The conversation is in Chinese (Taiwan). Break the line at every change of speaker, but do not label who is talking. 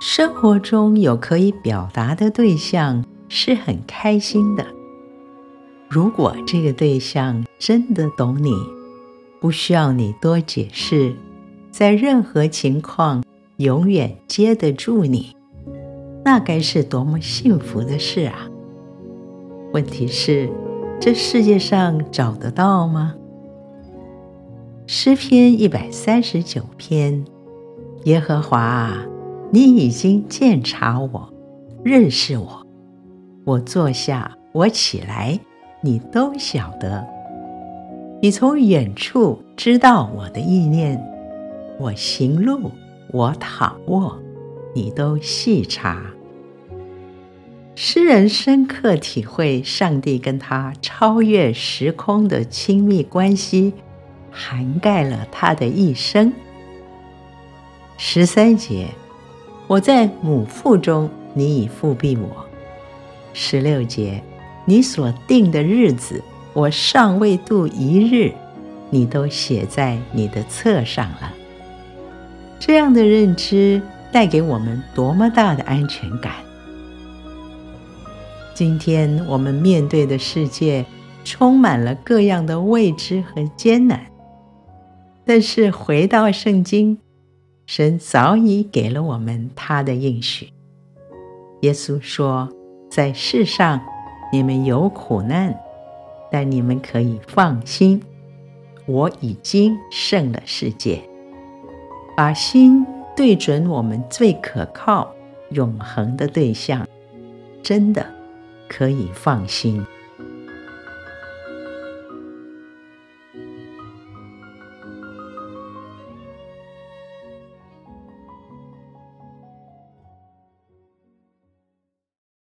生活中有可以表達的對象是很開心的。如果這個對象真的懂你，不需要你多解釋，在任何情況永遠接得住你，那該是多麼幸福的事啊！問題是，這世界上找得到嗎？詩篇一百三十九篇，耶和華啊。你已經鑒察我，認識我，我坐下，我起來，你都曉得。你從遠處知道我的意念，我行路，我躺臥，你都細察。詩人深刻體會上帝跟他超越時空的親密關係，涵蓋了他的一生。十三節。我在母腹中，你已覆庇我。十六節，你所定的日子，我尚未度一日，你都寫在你的冊上了。這樣的認知帶給我們多麼大的安全感！今天我們面對的世界充滿了各樣的未知和艱難，但是回到聖經。神早已給了我們他的應許。耶穌說：“在世上你們有苦難，但你們可以放心，我已經勝了世界。”把心對準我們最可靠、永恆的對象，真的可以放心。